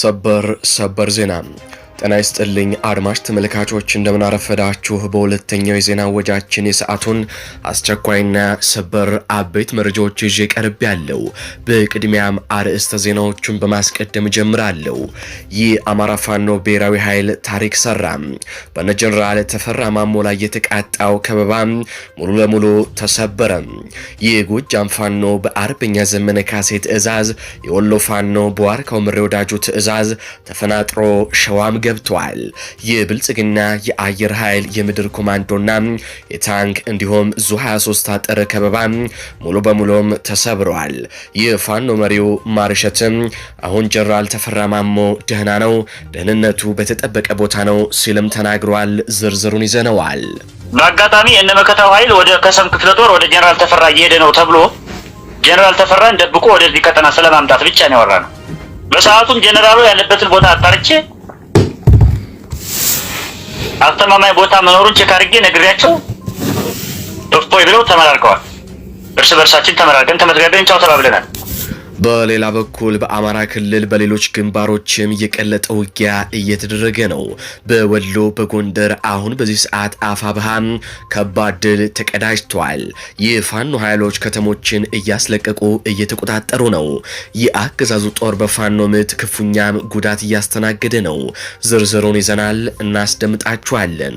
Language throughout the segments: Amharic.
ሰበር ሰበር ዜና ጤና ይስጥልኝ አድማጭ ተመልካቾች፣ አረፈዳችሁ። በሁለተኛው የዜና ወጃችን የሰዓቱን አስቸኳይና ሰበር አበይት መረጃዎች ይዤ ቀርብ ያለው። በቅድሚያም አርዕስተ ዜናዎቹን በማስቀደም ጀምራለሁ። ይህ አማራ ፋኖ ብሔራዊ ኃይል ታሪክ ሰራ። በነ ጀኔራል ተፈራ ማሞ ላይ የተቃጣው ከበባ ሙሉ ለሙሉ ተሰበረ። የጎጃም ፋኖ በአርበኛ ዘመነ ካሴ ትዕዛዝ፣ የወሎ ፋኖ በዋርካው ምሬ ወዳጁ ትዕዛዝ ተፈናጥሮ ሸዋም ገብቷል። የብልጽግና የአየር ኃይል የምድር ኮማንዶና የታንክ እንዲሁም ዙ 23 አጥር ከበባ ሙሉ በሙሉም ተሰብረዋል። የፋኖ መሪው ማርሸትም አሁን ጀነራል ተፈራ ማሞ ደህና ነው፣ ደህንነቱ በተጠበቀ ቦታ ነው ሲልም ተናግሯል። ዝርዝሩን ይዘነዋል። በአጋጣሚ እነ መከታው ኃይል ወደ ከሰም ክፍለ ጦር ወደ ጀነራል ተፈራ እየሄደ ነው ተብሎ ጀነራል ተፈራን ደብቆ ወደዚህ ቀጠና ስለማምጣት ብቻ ነው ያወራ ነው። በሰዓቱም ጀነራሉ ያለበትን ቦታ አጣርቼ አስተማማኝ ቦታ መኖሩን ቼክ አድርጌ ነግሬያቸው እፎይ ብለው ተመራርቀዋል። እርስ በእርሳችን ተመራርቀን ተመዝጋቢን ጫው ተባብለናል። በሌላ በኩል በአማራ ክልል በሌሎች ግንባሮችም የቀለጠ ውጊያ እየተደረገ ነው። በወሎ በጎንደር አሁን በዚህ ሰዓት አፋብሃም ከባድ ድል ተቀዳጅቷል። የፋኖ ኃይሎች ከተሞችን እያስለቀቁ እየተቆጣጠሩ ነው። የአገዛዙ ጦር በፋኖ ምት ክፉኛም ጉዳት እያስተናገደ ነው። ዝርዝሩን ይዘናል፣ እናስደምጣችኋለን።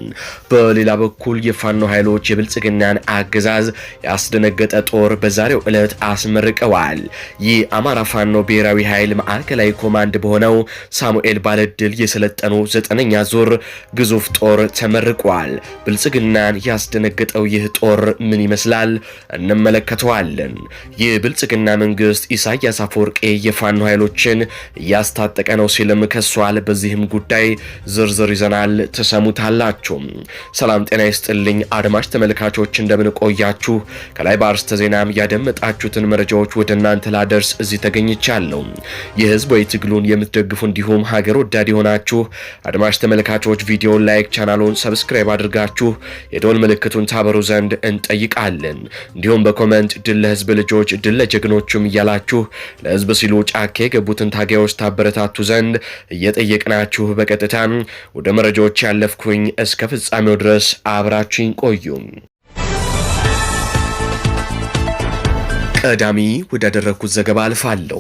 በሌላ በኩል የፋኖ ኃይሎች የብልጽግናን አገዛዝ ያስደነገጠ ጦር በዛሬው ዕለት አስመርቀዋል። የአማራ ፋኖ ብሔራዊ ኃይል ማዕከላዊ ኮማንድ በሆነው ሳሙኤል ባለድል የሰለጠኑ ዘጠነኛ ዙር ግዙፍ ጦር ተመርቋል። ብልጽግናን ያስደነገጠው ይህ ጦር ምን ይመስላል? እንመለከተዋለን። ይህ ብልጽግና መንግስት ኢሳያስ አፈወርቄ የፋኖ ኃይሎችን እያስታጠቀ ነው ሲልም ከሷል። በዚህም ጉዳይ ዝርዝር ይዘናል፣ ተሰሙታላችሁ። ሰላም ጤና ይስጥልኝ አድማጭ ተመልካቾች እንደምንቆያችሁ ከላይ በአርስተ ዜናም ያደመጣችሁትን መረጃዎች ወደ እናንተ ላደርስ እዚህ ተገኝቻለሁ። የህዝባዊ ትግሉን የምትደግፉ እንዲሁም ሀገር ወዳድ የሆናችሁ አድማጭ ተመልካቾች ቪዲዮን ላይክ፣ ቻናሉን ሰብስክራይብ አድርጋችሁ የዶል ምልክቱን ታበሩ ዘንድ እንጠይቃለን። እንዲሁም በኮመንት ድል ለህዝብ ልጆች፣ ድል ለጀግኖቹም እያላችሁ ለህዝብ ሲሉ ጫካ የገቡትን ታጋዮች ታበረታቱ ዘንድ እየጠየቅናችሁ በቀጥታ ወደ መረጃዎች ያለፍኩኝ እስከ ፍጻሜው ድረስ አብራችኝ ቆዩ። ቀዳሚ ወዳደረግኩት ዘገባ አልፋለሁ።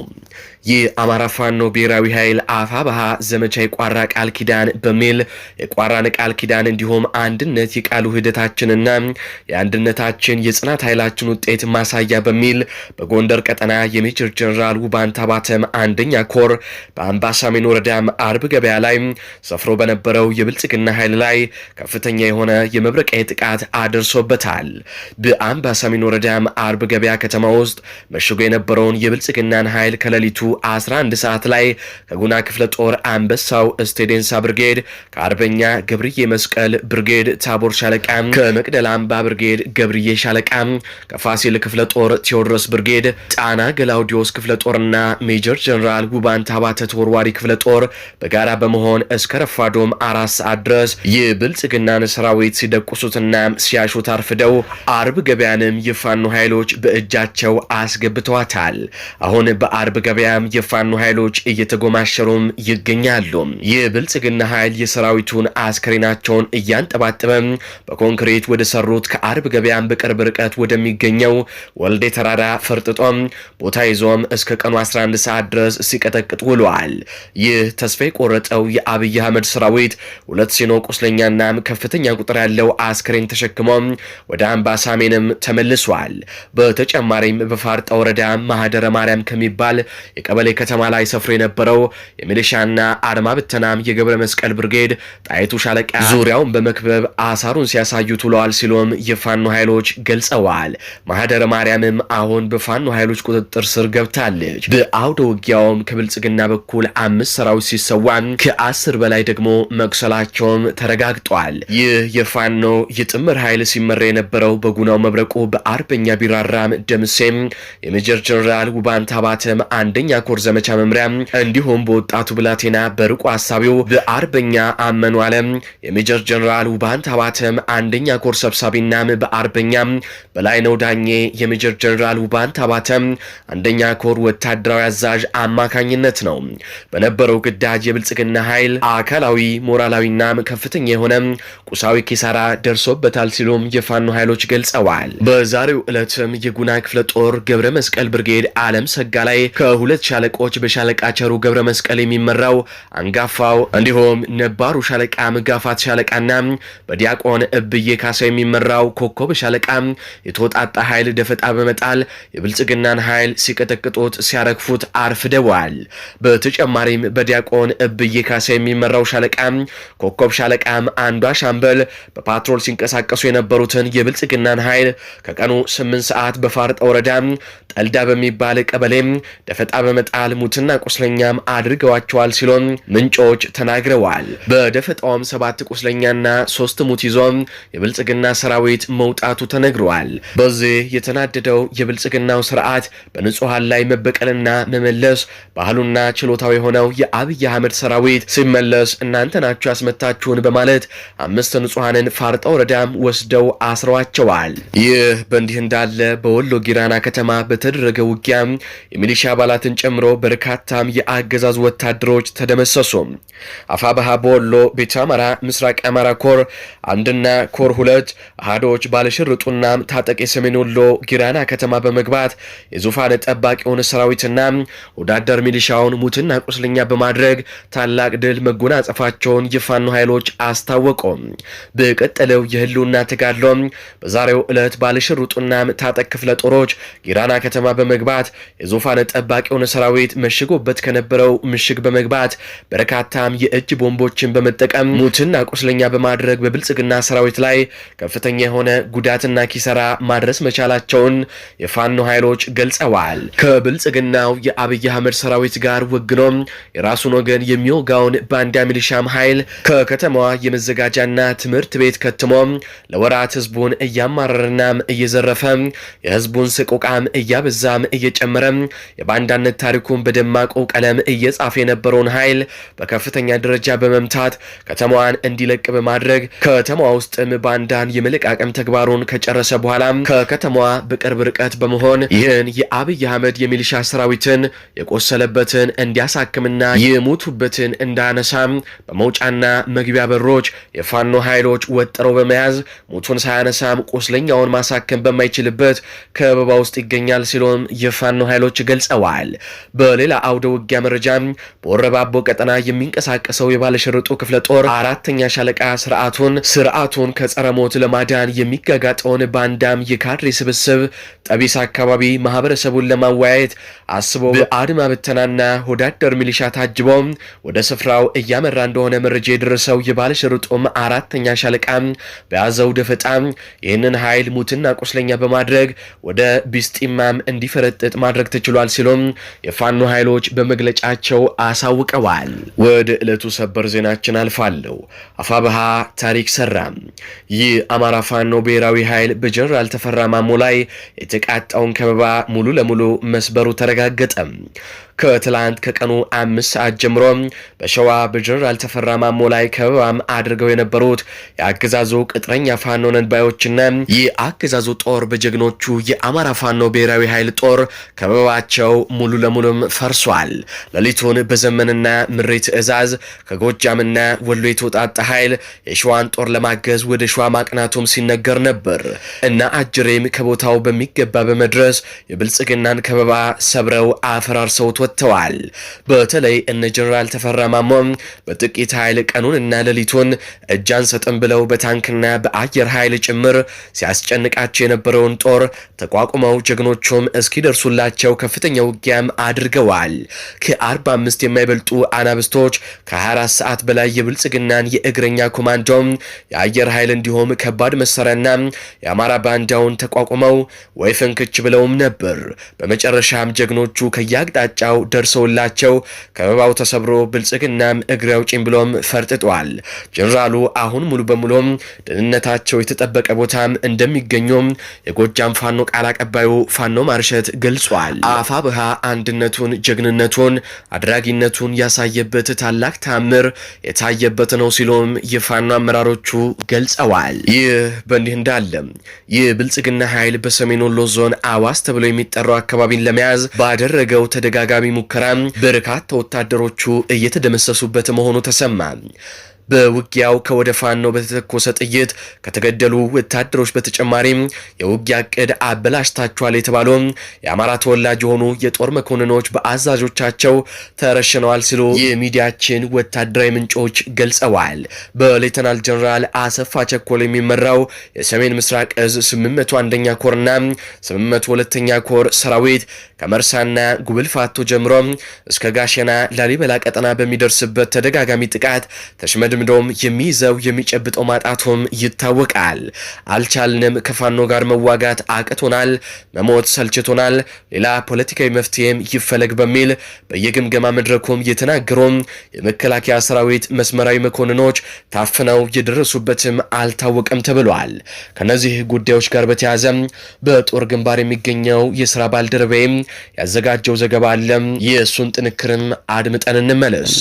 የአማራ ፋኖ ብሔራዊ ኃይል አፋ ባሃ ዘመቻ የቋራ ቃል ኪዳን በሚል የቋራን ቃል ኪዳን እንዲሁም አንድነት የቃሉ ሂደታችንና የአንድነታችን የጽናት ኃይላችን ውጤት ማሳያ በሚል በጎንደር ቀጠና የሜጀር ጀነራል ውባንታ ባተም አንደኛ ኮር በአምባሳሜን ወረዳም አርብ ገበያ ላይ ሰፍሮ በነበረው የብልጽግና ኃይል ላይ ከፍተኛ የሆነ የመብረቃዊ ጥቃት አድርሶበታል። በአምባሳሜን ወረዳም አርብ ገበያ ከተማ ውስጥ ውስጥ መሽጎ የነበረውን የብልጽግናን ኃይል ከሌሊቱ 11 ሰዓት ላይ ከጉና ክፍለ ጦር አንበሳው ስቴዴንሳ ብርጌድ ከአርበኛ ገብርዬ መስቀል ብርጌድ ታቦር ሻለቃ፣ ከመቅደላ አምባ ብርጌድ ገብርዬ ሻለቃ፣ ከፋሲል ክፍለ ጦር ቴዎድሮስ ብርጌድ፣ ጣና ገላውዲዮስ ክፍለ ጦርና ሜጀር ጀነራል ጉባን ታባተ ተወርዋሪ ክፍለ ጦር በጋራ በመሆን እስከ ረፋዶም አራት ሰዓት ድረስ የብልጽግናን ሰራዊት ሲደቁሱትና ሲያሹት አርፍደው አርብ ገበያንም የፋኑ ኃይሎች በእጃቸው አስገብተዋታል። አሁን በአርብ ገበያም የፋኖ ኃይሎች እየተጎማሸሩም ይገኛሉ። ይህ ብልጽግና ኃይል የሰራዊቱን አስክሬናቸውን እያንጠባጠበም በኮንክሪት ወደ ሰሩት ከአርብ ገበያም በቅርብ ርቀት ወደሚገኘው ወልዴ ተራራ ፈርጥጦም ቦታ ይዞም እስከ ቀኑ 11 ሰዓት ድረስ ሲቀጠቅጥ ውለዋል። ይህ ተስፋ የቆረጠው የአብይ አህመድ ሰራዊት ሁለት ሲኖ ቁስለኛና ከፍተኛ ቁጥር ያለው አስክሬን ተሸክሞም ወደ አምባሳሜንም ተመልሷል። በተጨማሪም በፋርጣ ወረዳ ማህደረ ማርያም ከሚባል የቀበሌ ከተማ ላይ ሰፍሮ የነበረው የሚሊሻና አድማ ብተናም የገብረ መስቀል ብርጌድ ጣይቱ ሻለቃ ዙሪያውን በመክበብ አሳሩን ሲያሳዩት ውለዋል ሲሉም የፋኖ ኃይሎች ገልጸዋል። ማህደረ ማርያምም አሁን በፋኖ ኃይሎች ቁጥጥር ስር ገብታለች። በአውደ ውጊያውም ከብልጽግና በኩል አምስት ሰራዊት ሲሰዋም ከአስር በላይ ደግሞ መቁሰላቸውም ተረጋግጧል። ይህ የፋኖ የጥምር ኃይል ሲመራ የነበረው በጉናው መብረቁ በአርበኛ ቢራራም ደምሴም የሜጀር ጀነራል ውባንት አባተም አንደኛ ኮር ዘመቻ መምሪያ እንዲሁም በወጣቱ ብላቴና በርቁ ሀሳቢው በአርበኛ አመኑ አለም የሜጀር ጀነራል ውባንት አባተም አንደኛ ኮር ሰብሳቢና በአርበኛ በላይ ነው ዳኜ የሜጀር ጀነራል ውባንት አባተም አንደኛ ኮር ወታደራዊ አዛዥ አማካኝነት ነው በነበረው ግዳጅ የብልጽግና ኃይል አካላዊ ሞራላዊና ከፍተኛ የሆነ ቁሳዊ ኪሳራ ደርሶበታል ሲሉም የፋኖ ኃይሎች ገልጸዋል። በዛሬው ዕለትም የጉና ክፍለ ጦር ኮር ገብረ መስቀል ብርጌድ አለም ሰጋ ላይ ከሁለት ሻለቆች በሻለቃ ቸሩ ገብረ መስቀል የሚመራው አንጋፋው እንዲሁም ነባሩ ሻለቃ መጋፋት ሻለቃና በዲያቆን እብዬ ካሳ የሚመራው ኮከብ ሻለቃ የተወጣጣ ኃይል ደፈጣ በመጣል የብልጽግናን ኃይል ሲቀጠቅጡት ሲያረግፉት አርፍደዋል። በተጨማሪም በዲያቆን እብዬ ካሳ የሚመራው ሻለቃ ኮከብ ሻለቃም አንዷ ሻምበል በፓትሮል ሲንቀሳቀሱ የነበሩትን የብልጽግናን ኃይል ከቀኑ 8 ሰዓት በፋርጠ ወረዳ ጠልዳ በሚባል ቀበሌም ደፈጣ በመጣል ሙትና ቁስለኛም አድርገዋቸዋል ሲሎም ምንጮች ተናግረዋል። በደፈጣውም ሰባት ቁስለኛና ሶስት ሙት ይዞ የብልጽግና ሰራዊት መውጣቱ ተነግረዋል። በዚህ የተናደደው የብልጽግናው ስርዓት በንጹሐን ላይ መበቀልና መመለስ ባህሉና ችሎታው የሆነው የአብይ አህመድ ሰራዊት ሲመለስ እናንተ ናችሁ ያስመታችሁን በማለት አምስት ንጹሐንን ፋርጣ ወረዳም ወስደው አስረዋቸዋል። ይህ በእንዲህ እንዳለ በወሎ ጊራና ከተማ በተደረገ ውጊያ የሚሊሻ አባላትን ጨምሮ በርካታም የአገዛዝ ወታደሮች ተደመሰሱ። አፋባሃ በወሎ ቤተ አማራ ምስራቅ አማራ ኮር አንድና ኮር ሁለት አህዶች ባለሽርጡና ታጠቅ የሰሜን ወሎ ጊራና ከተማ በመግባት የዙፋን ጠባቂውን ሰራዊትና ወዳደር ሚሊሻውን ሙትና ቁስለኛ በማድረግ ታላቅ ድል መጎናጸፋቸውን የፋኖ ኃይሎች አስታወቁ። በቀጠለው የህልውና ተጋድሎ በዛሬው ዕለት ባለሽርጡና ታጠቅ ክፍለ ጦሮች ጊራና ከተማ በመግባት የዙፋን ጠባቂውን ሰራዊት መሽጎበት ከነበረው ምሽግ በመግባት በርካታም የእጅ ቦምቦችን በመጠቀም ሙትና ቁስለኛ በማድረግ በብልጽግና ሰራዊት ላይ ከፍተኛ የሆነ ጉዳትና ኪሰራ ማድረስ መቻላቸውን የፋኖ ኃይሎች ገልጸዋል። ከብልጽግናው የአብይ አህመድ ሰራዊት ጋር ወግኖም የራሱን ወገን የሚወጋውን ባንዳ ሚሊሻም ኃይል ከከተማዋ የመዘጋጃና ትምህርት ቤት ከትሞም ለወራት ህዝቡን እያማረርና እየዘረፈ የህዝቡን ስቆ እያሞቃም እያበዛም እየጨመረም የባንዳነት ታሪኩን በደማቁ ቀለም እየጻፈ የነበረውን ኃይል በከፍተኛ ደረጃ በመምታት ከተማዋን እንዲለቅ በማድረግ ከተማዋ ውስጥም ባንዳን የመለቃቀም ተግባሩን ከጨረሰ በኋላ ከከተማዋ በቅርብ ርቀት በመሆን ይህን የአብይ አህመድ የሚሊሻ ሰራዊትን የቆሰለበትን እንዲያሳክምና የሞቱበትን እንዳነሳም በመውጫና መግቢያ በሮች የፋኖ ኃይሎች ወጥረው በመያዝ ሞቱን ሳያነሳም ቁስለኛውን ማሳከም በማይችልበት ከበባ ውስጥ ውስጥ ይገኛል ሲሉም የፋኖ ኃይሎች ገልጸዋል። በሌላ አውደ ውጊያ መረጃ በወረባቦ ቀጠና የሚንቀሳቀሰው የባለሸርጡ ክፍለ ጦር አራተኛ ሻለቃ ስርዓቱን ስርዓቱን ከጸረ ሞት ለማዳን የሚጋጋጠውን ባንዳም የካድሬ ስብስብ ጠቢስ አካባቢ ማህበረሰቡን ለማወያየት አስቦ በአድማ ብተናና ወዳደር ሚሊሻ ታጅቦ ወደ ስፍራው እያመራ እንደሆነ መረጃ የደረሰው የባለሸርጡም አራተኛ ሻለቃ በያዘው ደፈጣ ይህንን ኃይል ሙትና ቁስለኛ በማድረግ ወደ ቢስጢማም እንዲፈረጥጥ ማድረግ ተችሏል ሲሉም የፋኖ ኃይሎች በመግለጫቸው አሳውቀዋል። ወደ ዕለቱ ሰበር ዜናችን አልፋለሁ። አፋብሃ ታሪክ ሰራ። ይህ አማራ ፋኖ ብሔራዊ ኃይል በጀነራል ተፈራ ማሞ ላይ የተቃጣውን ከበባ ሙሉ ለሙሉ መስበሩ ተረጋገጠ። ከትላንት ከቀኑ አምስት ሰዓት ጀምሮ በሸዋ በጀነራል ተፈራ ማሞ ላይ ከበባም አድርገው የነበሩት የአገዛዙ ቅጥረኛ ፋኖ ነን ባዮችና የአገዛዙ ጦር በጀግኖቹ የአማራ ፋኖ ብሔራዊ ኃይል ጦር ከበባቸው ሙሉ ለሙሉም ፈርሷል። ሌሊቱን በዘመንና ምሬ ትዕዛዝ ከጎጃምና ወሎ የተውጣጣ ኃይል የሸዋን ጦር ለማገዝ ወደ ሸዋ ማቅናቱም ሲነገር ነበር እና አጅሬም ከቦታው በሚገባ በመድረስ የብልጽግናን ከበባ ሰብረው አፈራርሰውት ወጥተዋል። በተለይ እነ ጀኔራል ተፈራ ማሞ በጥቂት ኃይል ቀኑን እና ሌሊቱን እጅ አንሰጥም ብለው በታንክና በአየር ኃይል ጭምር ሲያስጨንቃቸው የነበረውን ጦር ተቋቁመው ጀግኖቹም እስኪደርሱላቸው ከፍተኛ ውጊያም አድርገዋል። ከ45 የማይበልጡ አናብስቶች ከ24 ሰዓት በላይ የብልጽግናን የእግረኛ ኮማንዶ የአየር ኃይል እንዲሁም ከባድ መሳሪያና የአማራ ባንዳውን ተቋቁመው ወይ ፍንክች ብለውም ነበር። በመጨረሻም ጀግኖቹ ከየአቅጣጫው ደርሰውላቸው ከበባው ተሰብሮ ብልጽግናም እግሬ አውጪኝ ብሎም ፈርጥጧል። ጀኔራሉ አሁን ሙሉ በሙሉም ደህንነታቸው የተጠበቀ ቦታም እንደሚገኙም የጎጃም ፋኖ ቃል አቀባዩ ፋኖ ማርሸት ገልጿል። አፋ ብሃ አንድነቱን፣ ጀግንነቱን፣ አድራጊነቱን ያሳየበት ታላቅ ታምር የታየበት ነው ሲሉም የፋኖ አመራሮቹ ገልጸዋል። ይህ በእንዲህ እንዳለ ይህ ብልጽግና ኃይል በሰሜን ወሎ ዞን አዋስ ተብሎ የሚጠራው አካባቢን ለመያዝ ባደረገው ተደጋጋሚ ወታደራዊ ሙከራ በርካታ ወታደሮቹ እየተደመሰሱበት መሆኑ ተሰማ። በውጊያው ከወደ ፋኖ በተተኮሰ ጥይት ከተገደሉ ወታደሮች በተጨማሪም የውጊያ እቅድ አበላሽታችኋል የተባሉ የአማራ ተወላጅ የሆኑ የጦር መኮንኖች በአዛዦቻቸው ተረሽነዋል ሲሉ የሚዲያችን ወታደራዊ ምንጮች ገልጸዋል። በሌተናል ጀኔራል አሰፋ ቸኮል የሚመራው የሰሜን ምስራቅ እዝ 801ኛ ኮርና 802ኛ ኮር ሰራዊት ከመርሳና ጉብልፋቶ ጀምሮ እስከ ጋሸና ላሊበላ ቀጠና በሚደርስበት ተደጋጋሚ ጥቃት ተሽመድ በተለምዶም የሚይዘው የሚጨብጠው ማጣቱም ይታወቃል። አልቻልንም፣ ከፋኖ ጋር መዋጋት አቅቶናል፣ መሞት ሰልችቶናል፣ ሌላ ፖለቲካዊ መፍትሄም ይፈለግ በሚል በየግምገማ መድረኩም የተናገሩም የመከላከያ ሰራዊት መስመራዊ መኮንኖች ታፍነው የደረሱበትም አልታወቀም ተብሏል። ከነዚህ ጉዳዮች ጋር በተያያዘ በጦር ግንባር የሚገኘው የስራ ባልደረባይም ያዘጋጀው ዘገባ አለም የእሱን ጥንክርም አድምጠን እንመለስ።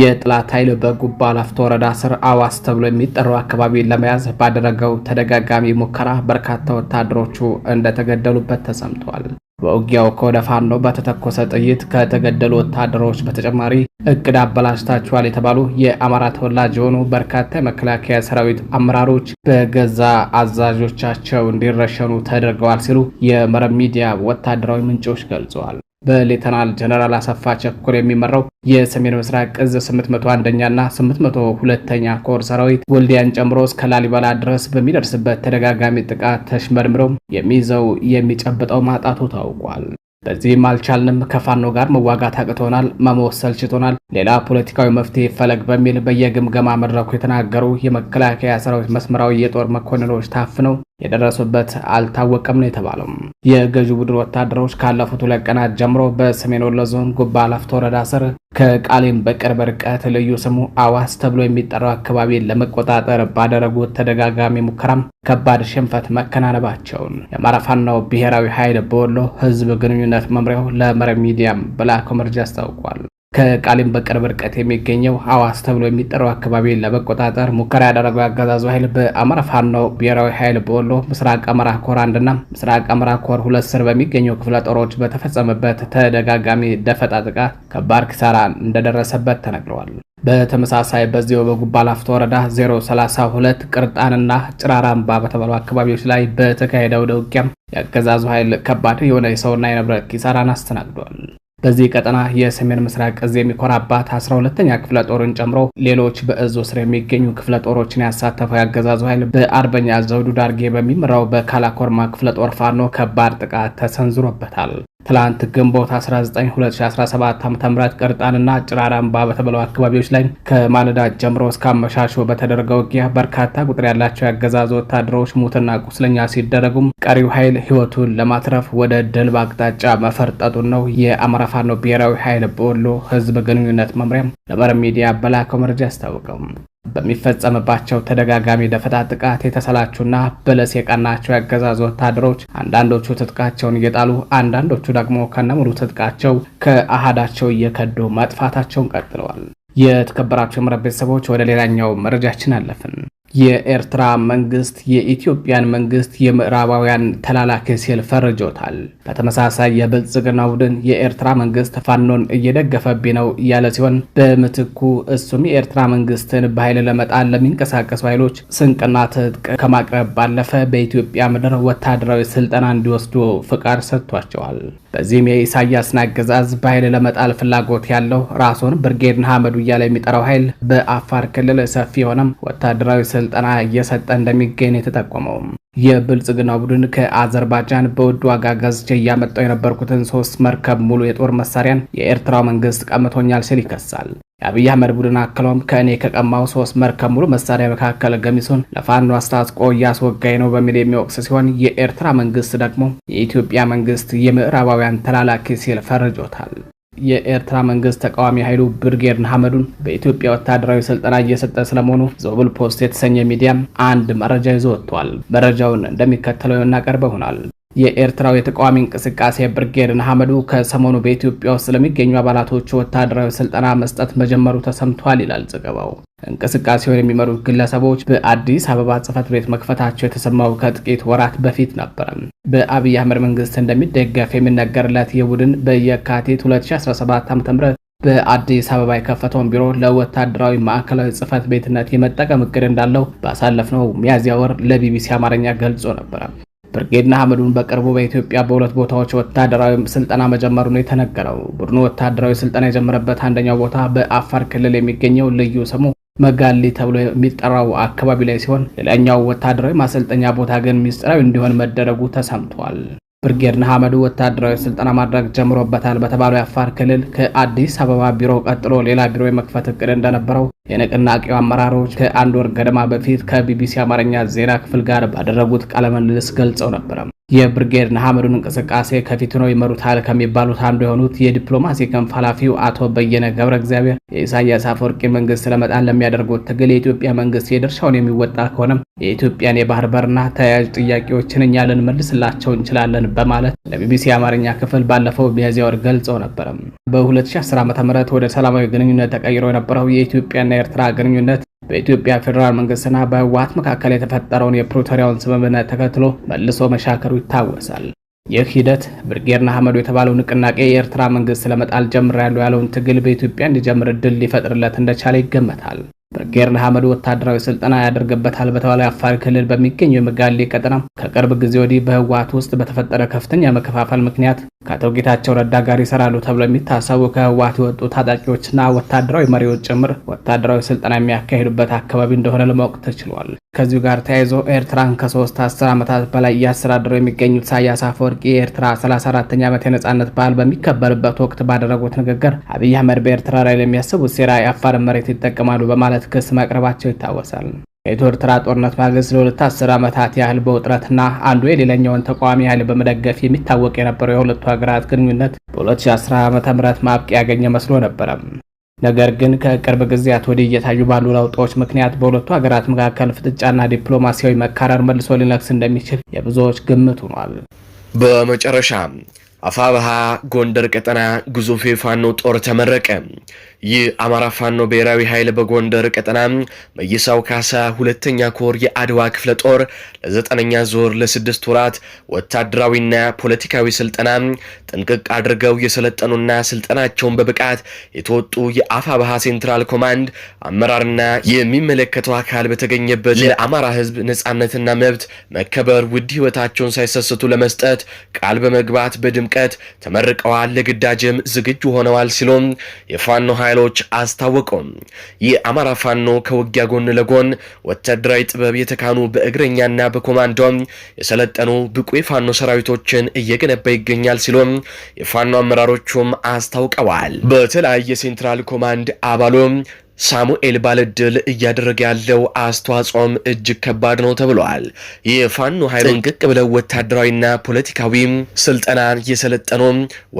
የጥላት ኃይል በጉባ ላፍቶ ወረዳ ስር አዋስ ተብሎ የሚጠራው አካባቢ ለመያዝ ባደረገው ተደጋጋሚ ሙከራ በርካታ ወታደሮቹ እንደተገደሉበት ተሰምቷል። በውጊያው ከወደ ፋኖ በተተኮሰ ጥይት ከተገደሉ ወታደሮች በተጨማሪ እቅድ አበላሽታችኋል የተባሉ የአማራ ተወላጅ የሆኑ በርካታ የመከላከያ ሰራዊት አመራሮች በገዛ አዛዦቻቸው እንዲረሸኑ ተደርገዋል ሲሉ የመረብ ሚዲያ ወታደራዊ ምንጮች ገልጸዋል። በሌተናል ጀነራል አሰፋ ቸኮር የሚመራው የሰሜን ምስራቅ እዝ 801ኛና 802ኛ ኮር ሰራዊት ወልዲያን ጨምሮ እስከ ላሊበላ ድረስ በሚደርስበት ተደጋጋሚ ጥቃት ተሽመርምረው የሚይዘው የሚጨብጠው ማጣቱ ታውቋል። በዚህም አልቻልንም፣ ከፋኖ ጋር መዋጋት አቅቶናል፣ መመወሰል ችቶናል፣ ሌላ ፖለቲካዊ መፍትሄ ይፈለግ በሚል በየግምገማ መድረኩ የተናገሩ የመከላከያ ሰራዊት መስመራዊ የጦር መኮንኖች ታፍነው የደረሱበት አልታወቀም ነው የተባለው። የገዢው ቡድን ወታደሮች ካለፉት ሁለት ቀናት ጀምሮ በሰሜን ወሎ ዞን ጉባ ላፍቶ ወረዳ ስር ከቃሊም በቅርብ ርቀት ልዩ ስሙ አዋስ ተብሎ የሚጠራው አካባቢ ለመቆጣጠር ባደረጉት ተደጋጋሚ ሙከራም ከባድ ሽንፈት መከናነባቸውን የአማራ ፋኖ ብሔራዊ ኃይል በወሎ ህዝብ ግንኙነት መምሪያው ለመረብ ሚዲያም በላከው መረጃ አስታውቋል። ከቃሊም በቅርብ ርቀት የሚገኘው አዋስ ተብሎ የሚጠራው አካባቢ ለመቆጣጠር ሙከራ ያደረገው አገዛዙ ኃይል በአማራ ፋኖ ብሔራዊ ኃይል በወሎ ምስራቅ አማራ ኮር አንድና ምስራቅ አማራ ኮር ሁለት ስር በሚገኘው ክፍለ ጦሮች በተፈጸመበት ተደጋጋሚ ደፈጣ ጥቃት ከባድ ኪሳራ እንደደረሰበት ተነግረዋል። በተመሳሳይ በዚሁ በጉባ ላፍቶ ወረዳ 032 ቅርጣንና ጭራራምባ በተባሉ አካባቢዎች ላይ በተካሄደው ውጊያም የአገዛዙ ኃይል ከባድ የሆነ የሰውና የንብረት ኪሳራን አስተናግዷል። በዚህ ቀጠና የሰሜን ምስራቅ እዝ የሚኮራባት 12ኛ ክፍለ ጦርን ጨምሮ ሌሎች በእዙ ስር የሚገኙ ክፍለ ጦሮችን ያሳተፈው ያገዛዙ ኃይል በአርበኛ ዘውዱ ዳርጌ በሚመራው በካላኮርማ ክፍለ ጦር ፋኖ ከባድ ጥቃት ተሰንዝሮበታል። ትላንት ግንቦት 19 2017 ዓ.ም ቅርጣንና ጭራራምባ አምባ አካባቢዎች ላይ ከማለዳ ጀምሮ እስከ አመሻሹ በተደረገው ውጊያ በርካታ ቁጥር ያላቸው ያገዛዙ ወታደሮች ሙትና ቁስለኛ ሲደረጉም ቀሪው ኃይል ህይወቱን ለማትረፍ ወደ ድልብ አቅጣጫ መፈርጠጡን ነው የአማራ ፋኖ ብሔራዊ ኃይል በወሎ ህዝብ ግንኙነት መምሪያም ለመረብ ሚዲያ በላከው መረጃ አስታወቀው። በሚፈጸምባቸው ተደጋጋሚ ደፈጣ ጥቃት የተሰላቹና በለስ የቀናቸው ያገዛዙ ወታደሮች አንዳንዶቹ ትጥቃቸውን እየጣሉ አንዳንዶቹ ደግሞ ከነሙሉ ትጥቃቸው ከአሃዳቸው እየከዱ ማጥፋታቸውን ቀጥለዋል። የተከበራቸው የመረብ ቤተሰቦች ወደ ሌላኛው መረጃችን አለፍን። የኤርትራ መንግስት የኢትዮጵያን መንግስት የምዕራባውያን ተላላኪ ሲል ፈርጆታል። በተመሳሳይ የብልጽግና ቡድን የኤርትራ መንግስት ፋኖን እየደገፈብኝ ነው እያለ ሲሆን በምትኩ እሱም የኤርትራ መንግስትን በኃይል ለመጣል ለሚንቀሳቀሱ ኃይሎች ስንቅና ትጥቅ ከማቅረብ ባለፈ በኢትዮጵያ ምድር ወታደራዊ ስልጠና እንዲወስዱ ፍቃድ ሰጥቷቸዋል። በዚህም የኢሳያስን አገዛዝ በኃይል ለመጣል ፍላጎት ያለው ራሱን ብርጌድ ንሓመዱ እያለ የሚጠራው ኃይል በአፋር ክልል ሰፊ የሆነም ወታደራዊ ስልጠና እየሰጠ እንደሚገኝ የተጠቆመው የብልጽግና ቡድን ከአዘርባጃን በውድ ዋጋ ገዝቼ እያመጣው የነበርኩትን ሶስት መርከብ ሙሉ የጦር መሳሪያን የኤርትራው መንግስት ቀምቶኛል ሲል ይከሳል። የአብይ አህመድ ቡድን አክለውም ከእኔ ከቀማው ሶስት መርከብ ሙሉ መሳሪያ መካከል ገሚሱን ለፋኖ አስታጥቆ እያስወጋኝ ነው በሚል የሚወቅስ ሲሆን የኤርትራ መንግስት ደግሞ የኢትዮጵያ መንግስት የምዕራባውያን ተላላኪ ሲል ፈርጆታል። የኤርትራ መንግስት ተቃዋሚ ኃይሉ ብርጌድ ንሓመዱን በኢትዮጵያ ወታደራዊ ስልጠና እየሰጠ ስለመሆኑ ዘብል ፖስት የተሰኘ ሚዲያ አንድ መረጃ ይዞ ወጥቷል። መረጃውን እንደሚከተለው እናቀርበውናል። የኤርትራው የተቃዋሚ እንቅስቃሴ ብርጌድ ንሓመዱ ከሰሞኑ በኢትዮጵያ ውስጥ ስለሚገኙ አባላቶቹ ወታደራዊ ስልጠና መስጠት መጀመሩ ተሰምቷል ይላል ዘገባው። እንቅስቃሴውን የሚመሩት ግለሰቦች በአዲስ አበባ ጽህፈት ቤት መክፈታቸው የተሰማው ከጥቂት ወራት በፊት ነበር። በአብይ አህመድ መንግስት እንደሚደገፍ የሚነገርለት ይህ ቡድን በየካቲት 2017 ዓ.ም በአዲስ አበባ የከፈተውን ቢሮ ለወታደራዊ ማዕከላዊ ጽህፈት ቤትነት የመጠቀም እቅድ እንዳለው ባሳለፍነው ሚያዝያ ወር ለቢቢሲ አማርኛ ገልጾ ነበረ። ብርጌድና ሐመዱን በቅርቡ በኢትዮጵያ በሁለት ቦታዎች ወታደራዊ ስልጠና መጀመሩ ነው የተነገረው። ቡድኑ ወታደራዊ ስልጠና የጀመረበት አንደኛው ቦታ በአፋር ክልል የሚገኘው ልዩ ስሙ መጋሊ ተብሎ የሚጠራው አካባቢ ላይ ሲሆን ሌላኛው ወታደራዊ ማሰልጠኛ ቦታ ግን ሚስጥራዊ እንዲሆን መደረጉ ተሰምቷል። ብርጌድ ንሓመዱ ወታደራዊ ስልጠና ማድረግ ጀምሮበታል በተባለው የአፋር ክልል ከአዲስ አበባ ቢሮ ቀጥሎ ሌላ ቢሮ የመክፈት እቅድ እንደነበረው የንቅናቄው አመራሮች ከአንድ ወር ገደማ በፊት ከቢቢሲ አማርኛ ዜና ክፍል ጋር ባደረጉት ቃለምልልስ ገልጸው ነበረ። የብርጌድ ንሓመዱን እንቅስቃሴ ከፊት ነው ይመሩታል ከሚባሉት አንዱ የሆኑት የዲፕሎማሲ ክንፍ ኃላፊው አቶ በየነ ገብረ እግዚአብሔር የኢሳያስ አፈወርቂ መንግስት ለመጣን ለሚያደርጉት ትግል የኢትዮጵያ መንግስት የድርሻውን የሚወጣ ከሆነም የኢትዮጵያን የባህር በርና ተያያዥ ጥያቄዎችን እኛ ልንመልስላቸው እንችላለን በማለት ለቢቢሲ የአማርኛ ክፍል ባለፈው ሚያዝያ ወር ገልጸው ነበረ። በ2010 ም ወደ ሰላማዊ ግንኙነት ተቀይሮ የነበረው የኢትዮጵያና የኤርትራ ግንኙነት በኢትዮጵያ ፌዴራል መንግስትና በህወሀት መካከል የተፈጠረውን የፕሪቶሪያውን ስምምነት ተከትሎ መልሶ መሻከሩ ይታወሳል። ይህ ሂደት ብርጌር ንሓመዱ የተባለው ንቅናቄ የኤርትራ መንግስት ለመጣል ያለው ያለውን ትግል በኢትዮጵያ እንዲጀምር እድል ሊፈጥርለት እንደቻለ ይገመታል። ብርጌር ለሐመዱ ወታደራዊ ስልጠና ያደርግበታል በተባለ አፋር ክልል በሚገኘው የመጋሌ ቀጠና ከቅርብ ጊዜ ወዲህ በህወሓት ውስጥ በተፈጠረ ከፍተኛ መከፋፈል ምክንያት ከአቶ ጌታቸው ረዳ ጋር ይሰራሉ ተብሎ የሚታሰቡ ከህወሓት የወጡ ታጣቂዎችና ወታደራዊ መሪዎች ጭምር ወታደራዊ ስልጠና የሚያካሂዱበት አካባቢ እንደሆነ ለማወቅ ተችሏል። ከዚሁ ጋር ተያይዞ ኤርትራን ከሶስት አስር ዓመታት በላይ እያስተዳደሩ የሚገኙት ኢሳያስ አፈወርቂ የኤርትራ 34 ተኛ ዓመት የነጻነት በዓል በሚከበርበት ወቅት ባደረጉት ንግግር አብይ አህመድ በኤርትራ ላይ ለሚያስቡት ሴራ የአፋር መሬት ይጠቀማሉ በማለት በማለት ክስ ማቅረባቸው ይታወሳል። የኢትዮ ኤርትራ ጦርነት ማግስት ለሁለት አስር ዓመታት ያህል በውጥረትና አንዱ የሌላኛውን ተቃዋሚ ኃይል በመደገፍ የሚታወቅ የነበረው የሁለቱ ሀገራት ግንኙነት በ2010 ዓ ም ማብቂያ ያገኘ መስሎ ነበረ። ነገር ግን ከቅርብ ጊዜያት ወዲህ እየታዩ ባሉ ለውጦች ምክንያት በሁለቱ ሀገራት መካከል ፍጥጫና ዲፕሎማሲያዊ መካረር መልሶ ሊነግስ እንደሚችል የብዙዎች ግምት ሆኗል። በመጨረሻ አፋብሃ ጎንደር ቀጠና ግዙፍ የፋኖ ጦር ተመረቀ። የአማራ ፋኖ ብሔራዊ ኃይል በጎንደር ቀጠና መይሳው ካሳ ሁለተኛ ኮር የአድዋ ክፍለ ጦር ለዘጠነኛ ዞር ለስድስት ወራት ወታደራዊና ፖለቲካዊ ስልጠና ጥንቅቅ አድርገው የሰለጠኑና ስልጠናቸውን በብቃት የተወጡ የአፋባሃ ሴንትራል ኮማንድ አመራርና የሚመለከተው አካል በተገኘበት ለአማራ ህዝብ ነጻነትና መብት መከበር ውድ ህይወታቸውን ሳይሰስቱ ለመስጠት ቃል በመግባት በድምቀት ተመርቀዋል። ለግዳጅም ዝግጁ ሆነዋል ሲሉም የፋኖ ኃይል ኃይሎች አስታወቁም። አማራ ፋኖ ከውጊያ ጎን ለጎን ወታደራዊ ጥበብ የተካኑ በእግረኛና በኮማንዶም የሰለጠኑ ብቁ የፋኖ ሰራዊቶችን እየገነባ ይገኛል ሲሉም የፋኖ አመራሮቹም አስታውቀዋል። በተለያየ ሴንትራል ኮማንድ አባሉ ሳሙኤል ባለድል እያደረገ ያለው አስተዋጽኦም እጅግ ከባድ ነው ተብሏል። የፋኖ ኃይል ጥንቅቅ ብለው ወታደራዊና ፖለቲካዊ ስልጠናን የሰለጠኑ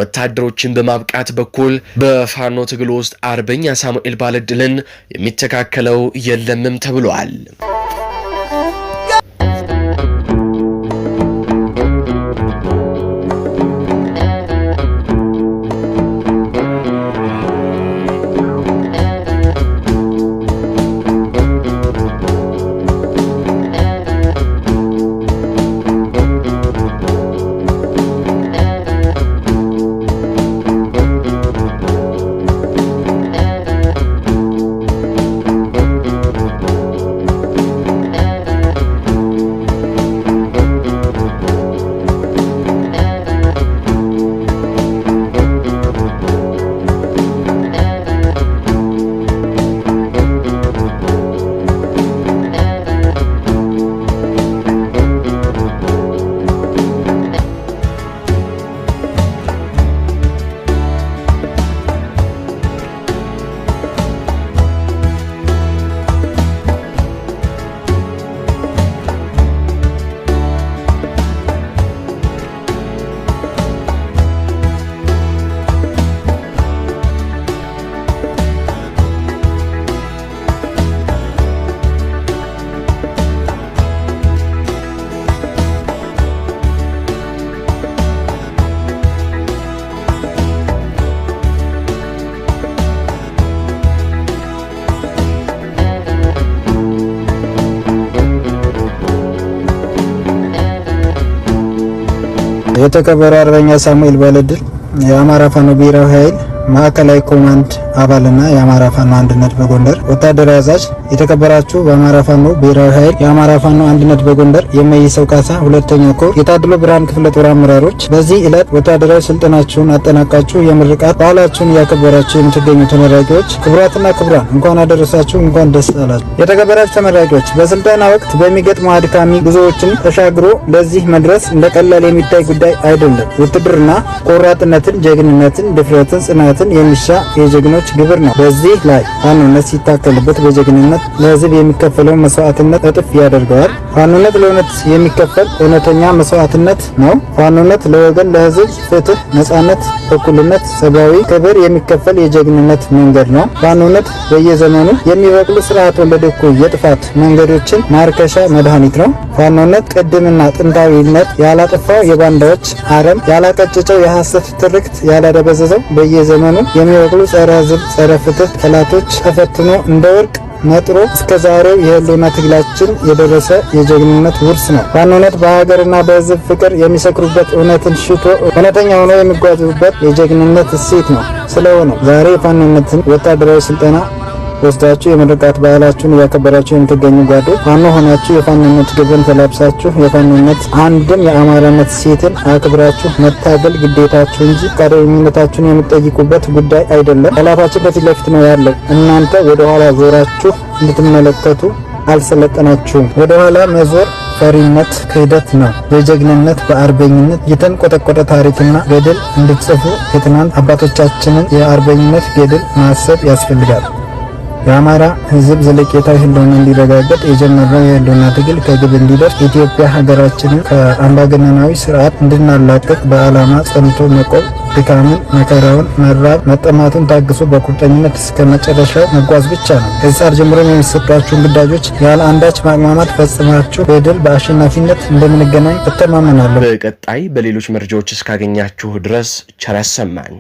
ወታደሮችን በማብቃት በኩል በፋኖ ትግል ውስጥ አርበኛ ሳሙኤል ባለድልን የሚተካከለው የለምም ተብሏል። የተከበረ አርበኛ ሳሙኤል ባለድል የአማራ ፋኖ ብሔራዊ ኃይል ማዕከላዊ ኮማንድ አባልና የአማራ ፋኖ አንድነት በጎንደር ወታደራዊ አዛዥ የተከበራችሁ በአማራ ፋኖ ብሔራዊ ኃይል የአማራ ፋኖ አንድነት በጎንደር የመይሰው ካሳ ሁለተኛ ኮር የታድሎ ብርሃን ክፍለ ጦር አመራሮች በዚህ ዕለት ወታደራዊ ስልጠናችሁን አጠናቃችሁ የምርቃት በዓላችሁን እያከበራችሁ የምትገኙ ተመራቂዎች ክቡራትና ክቡራን እንኳን አደረሳችሁ፣ እንኳን ደስ አላችሁ። የተከበራችሁ ተመራቂዎች በስልጠና ወቅት በሚገጥሙ አድካሚ ጉዞዎችን ተሻግሮ ለዚህ መድረስ እንደ ቀላል የሚታይ ጉዳይ አይደለም። ውትድርና ቆራጥነትን፣ ጀግንነትን፣ ድፍረትን፣ ጽናትን የሚሻ የጀግኖች ግብር ነው። በዚህ ላይ ፋኖነት ሲታከልበት በጀግንነት ለህዝብ የሚከፈለው መስዋዕትነት እጥፍ ያደርገዋል። ፋኖነት ለእውነት የሚከፈል እውነተኛ መስዋዕትነት ነው። ፋኖነት ለወገን፣ ለህዝብ፣ ፍትህ፣ ነጻነት፣ እኩልነት፣ ሰብአዊ ክብር የሚከፈል የጀግንነት መንገድ ነው። ፋኖነት በየዘመኑ የሚበቅሉ ስርዓት ወለድ እኩይ የጥፋት መንገዶችን ማርከሻ መድኃኒት ነው። ፋኖነት ቅድምና ጥንታዊነት ያላጠፋው የባንዳዎች አረም ያላቀጨጨው የሐሰት ትርክት ያላደበዘዘው በየዘመኑ የሚበቅሉ ጸረ ህዝብ ጸረ ፍትህ ጠላቶች ተፈትኖ እንደ ወርቅ ነጥሮ እስከ ዛሬው የህሊና ትግላችን የደረሰ የጀግንነት ውርስ ነው። ዋናነት በሀገርና በህዝብ ፍቅር የሚሰክሩበት እውነትን ሽቶ እውነተኛ ሆኖ የሚጓዙበት የጀግንነት እሴት ነው። ስለሆነ ዛሬ የፋኖነትን ወታደራዊ ስልጠና ወስዳችሁ የምርቃት ባህላችሁን እያከበራችሁ የምትገኙ ጓዶ ፋኖ ሆናችሁ የፋኖነት ግብን ተላብሳችሁ የፋኖነት አንድም የአማራነት ሴትን አክብራችሁ መታገል ግዴታችሁ እንጂ ቀደምነታችሁን የምትጠይቁበት ጉዳይ አይደለም። ጠላታችን ከፊት ለፊት ነው ያለው። እናንተ ወደኋላ ዞራችሁ እንድትመለከቱ አልሰለጠናችሁም። ወደኋላ መዞር ፈሪነት ክህደት ነው። በጀግንነት በአርበኝነት የተንቆጠቆጠ ታሪክና ገድል እንድትጽፉ የትናንት አባቶቻችንን የአርበኝነት ገድል ማሰብ ያስፈልጋል። የአማራ ህዝብ ዘለቄታዊ ህልውና እንዲረጋገጥ የጀመረው የህልውና ትግል ከግብ እንዲደርስ ኢትዮጵያ ሀገራችንን ከአምባገነናዊ ስርዓት እንድናላቅቅ በዓላማ ጸንቶ መቆም ድካምን፣ መከራውን፣ መራብ፣ መጠማቱን ታግሶ በቁርጠኝነት እስከ መጨረሻው መጓዝ ብቻ ነው። ከጻር ጀምሮ የሚሰጣችሁን ግዳጆች ያለ አንዳች ማቅማማት ፈጽማችሁ በድል በአሸናፊነት እንደምንገናኝ እተማመናለሁ። በቀጣይ በሌሎች መረጃዎች እስካገኛችሁ ድረስ ቸር ያሰማኝ።